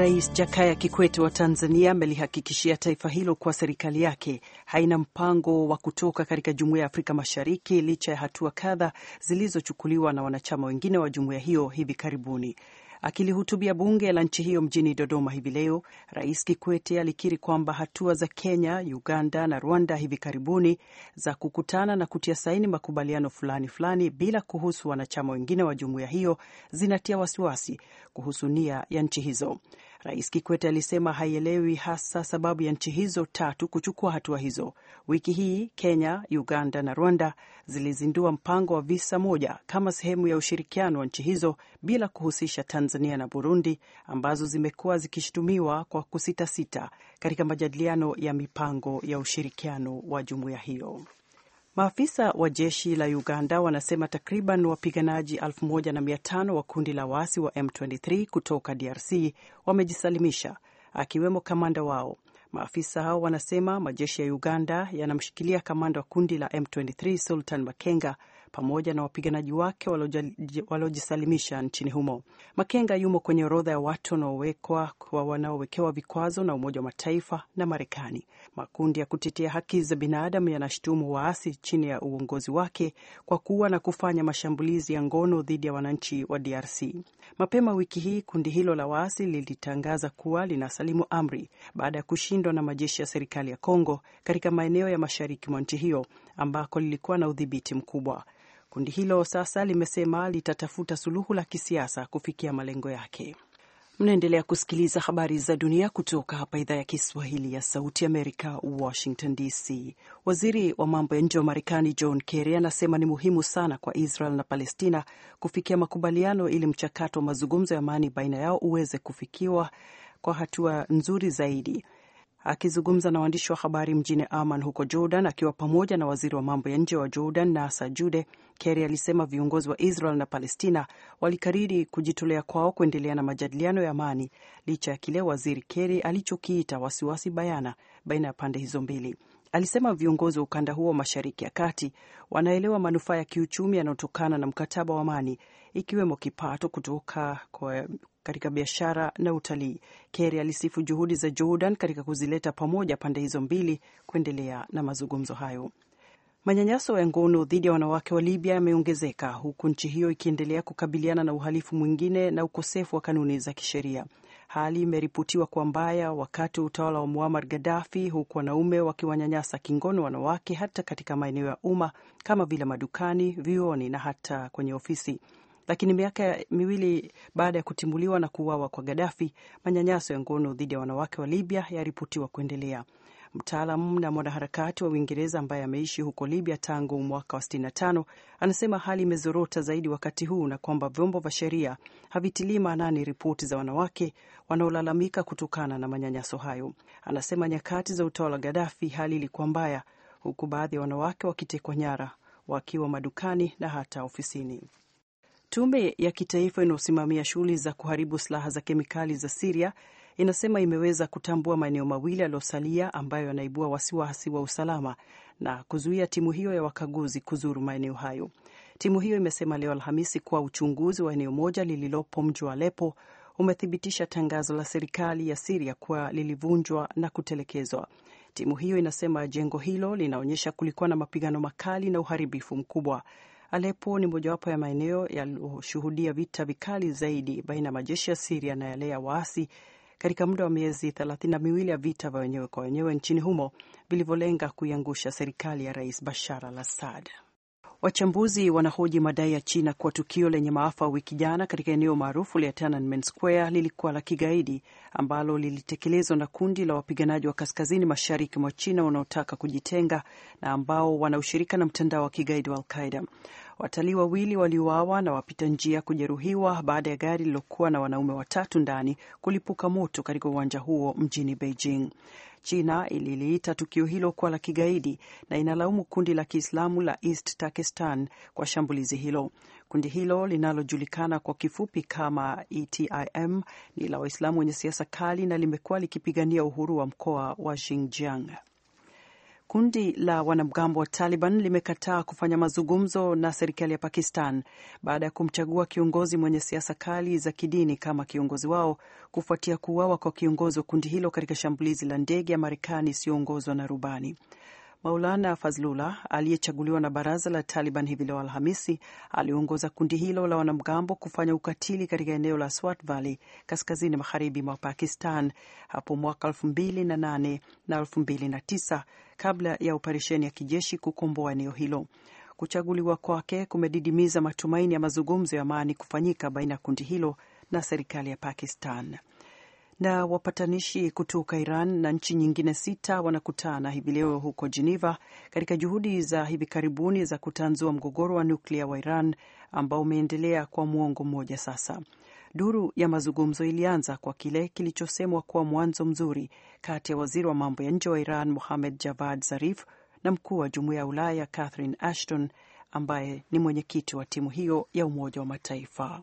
Rais Jakaya Kikwete wa Tanzania amelihakikishia taifa hilo kuwa serikali yake haina mpango wa kutoka katika jumuiya ya Afrika Mashariki licha ya hatua kadha zilizochukuliwa na wanachama wengine wa jumuiya hiyo hivi karibuni. Akilihutubia bunge la nchi hiyo mjini Dodoma hivi leo, Rais Kikwete alikiri kwamba hatua za Kenya, Uganda na Rwanda hivi karibuni za kukutana na kutia saini makubaliano fulani fulani bila kuhusu wanachama wengine wa jumuiya hiyo zinatia wasiwasi kuhusu nia ya nchi hizo. Rais Kikwete alisema haielewi hasa sababu ya nchi hizo tatu kuchukua hatua hizo. Wiki hii Kenya, Uganda na Rwanda zilizindua mpango wa visa moja kama sehemu ya ushirikiano wa nchi hizo bila kuhusisha Tanzania na Burundi ambazo zimekuwa zikishutumiwa kwa kusitasita katika majadiliano ya mipango ya ushirikiano wa jumuiya hiyo. Maafisa wa jeshi la Uganda wanasema takriban wapiganaji 1500 wa kundi la waasi wa M23 kutoka DRC wamejisalimisha, akiwemo kamanda wao. Maafisa hao wanasema majeshi ya Uganda yanamshikilia kamanda wa kundi la M23 Sultan Makenga pamoja na wapiganaji wake waliojisalimisha nchini humo. Makenga yumo kwenye orodha ya watu wanaowekwa kwa wanaowekewa vikwazo na Umoja wa Mataifa na Marekani. Makundi ya kutetea haki za binadamu yanashutumu waasi chini ya uongozi wake kwa kuwa na kufanya mashambulizi ya ngono dhidi ya wananchi wa DRC. Mapema wiki hii kundi hilo la waasi lilitangaza kuwa linasalimu amri baada ya kushindwa na majeshi ya serikali ya Kongo katika maeneo ya mashariki mwa nchi hiyo ambako lilikuwa na udhibiti mkubwa. Kundi hilo sasa limesema litatafuta suluhu la kisiasa kufikia malengo yake. Mnaendelea kusikiliza habari za dunia kutoka hapa idhaa ya Kiswahili ya Sauti Amerika, Washington DC. Waziri wa mambo ya nje wa Marekani John Kerry anasema ni muhimu sana kwa Israel na Palestina kufikia makubaliano ili mchakato wa mazungumzo ya amani baina yao uweze kufikiwa kwa hatua nzuri zaidi. Akizungumza na waandishi wa habari mjini aman huko Jordan, akiwa pamoja na waziri wa mambo ya nje wa Jordan nasa Jude, Kerry alisema viongozi wa Israel na Palestina walikariri kujitolea kwao kuendelea na majadiliano ya amani licha ya kile waziri Kerry alichokiita wasiwasi bayana baina ya pande hizo mbili. Alisema viongozi wa ukanda huo wa Mashariki ya Kati wanaelewa manufaa ya kiuchumi yanayotokana na mkataba wa amani ikiwemo kipato kutoka kwa katika biashara na utalii. Kerry alisifu juhudi za Jordan katika kuzileta pamoja pande hizo mbili kuendelea na mazungumzo hayo. Manyanyaso ya ngono dhidi ya wanawake wa Libya yameongezeka huku nchi hiyo ikiendelea kukabiliana na uhalifu mwingine na ukosefu wa kanuni za kisheria. Hali imeripotiwa kwa mbaya wakati wa utawala wa Muammar Gaddafi, huku wanaume wakiwanyanyasa kingono wanawake hata katika maeneo ya umma kama vile madukani, vioni na hata kwenye ofisi. Lakini miaka miwili baada ya kutimuliwa na kuuawa kwa Gaddafi, manyanyaso ya ngono dhidi ya wanawake wa Libya yaripotiwa kuendelea. Mtaalamu na mwanaharakati wa Uingereza ambaye ameishi huko Libya tangu mwaka wa 65 anasema hali imezorota zaidi wakati huu na kwamba vyombo vya sheria havitilii maanani ripoti za wanawake wanaolalamika kutokana na manyanyaso hayo. Anasema nyakati za utawala wa Gaddafi hali ilikuwa mbaya, huku baadhi ya wanawake wakitekwa nyara wakiwa madukani na hata ofisini. Tume ya kitaifa inayosimamia shughuli za kuharibu silaha za kemikali za Siria inasema imeweza kutambua maeneo mawili yaliyosalia ambayo yanaibua wasiwasi wa usalama na kuzuia timu hiyo ya wakaguzi kuzuru maeneo hayo. Timu hiyo imesema leo Alhamisi kuwa uchunguzi wa eneo moja lililopo mji wa Alepo umethibitisha tangazo la serikali ya Siria kuwa lilivunjwa na kutelekezwa. Timu hiyo inasema jengo hilo linaonyesha kulikuwa na mapigano makali na uharibifu mkubwa. Alepo ni mojawapo ya maeneo yaliyoshuhudia vita vikali zaidi baina ya majeshi ya Siria na yale ya waasi katika muda wa miezi thelathini na miwili ya vita vya wenyewe kwa wenyewe nchini humo vilivyolenga kuiangusha serikali ya Rais Bashar al Assad. Wachambuzi wanahoji madai ya China kuwa tukio lenye maafa wiki jana katika eneo maarufu la Tiananmen Square lilikuwa la kigaidi ambalo lilitekelezwa na kundi la wapiganaji wa kaskazini mashariki mwa China wanaotaka kujitenga na ambao wanaoshirika na mtandao wa kigaidi wa alqaida Watalii wawili waliuawa na wapita njia kujeruhiwa baada ya gari lililokuwa na wanaume watatu ndani kulipuka moto katika uwanja huo mjini Beijing. China ililiita tukio hilo kuwa la kigaidi na inalaumu kundi la Kiislamu la East Turkestan kwa shambulizi hilo. Kundi hilo linalojulikana kwa kifupi kama ETIM ni la Waislamu wenye siasa kali na limekuwa likipigania uhuru wa mkoa wa Xinjiang. Kundi la wanamgambo wa Taliban limekataa kufanya mazungumzo na serikali ya Pakistan baada ya kumchagua kiongozi mwenye siasa kali za kidini kama kiongozi wao kufuatia kuuawa kwa kiongozi wa kundi hilo katika shambulizi la ndege ya Marekani isiyoongozwa na rubani. Maulana Fazlullah aliyechaguliwa na baraza la Taliban hivi leo Alhamisi aliongoza kundi hilo la wanamgambo kufanya ukatili katika eneo la Swat Valley kaskazini magharibi mwa Pakistan hapo mwaka 2008 na 2009 kabla ya operesheni ya kijeshi kukomboa eneo hilo. Kuchaguliwa kwake kumedidimiza matumaini ya mazungumzo ya amani kufanyika baina ya kundi hilo na serikali ya Pakistan na wapatanishi kutoka Iran na nchi nyingine sita wanakutana hivi leo huko Geneva katika juhudi za hivi karibuni za kutanzua mgogoro wa nuklia wa Iran ambao umeendelea kwa mwongo mmoja sasa. Duru ya mazungumzo ilianza kwa kile kilichosemwa kuwa mwanzo mzuri kati ya waziri wa mambo ya nje wa Iran Mohamed Javad Zarif na mkuu wa jumuiya ya Ulaya Catherine Ashton ambaye ni mwenyekiti wa timu hiyo ya Umoja wa Mataifa.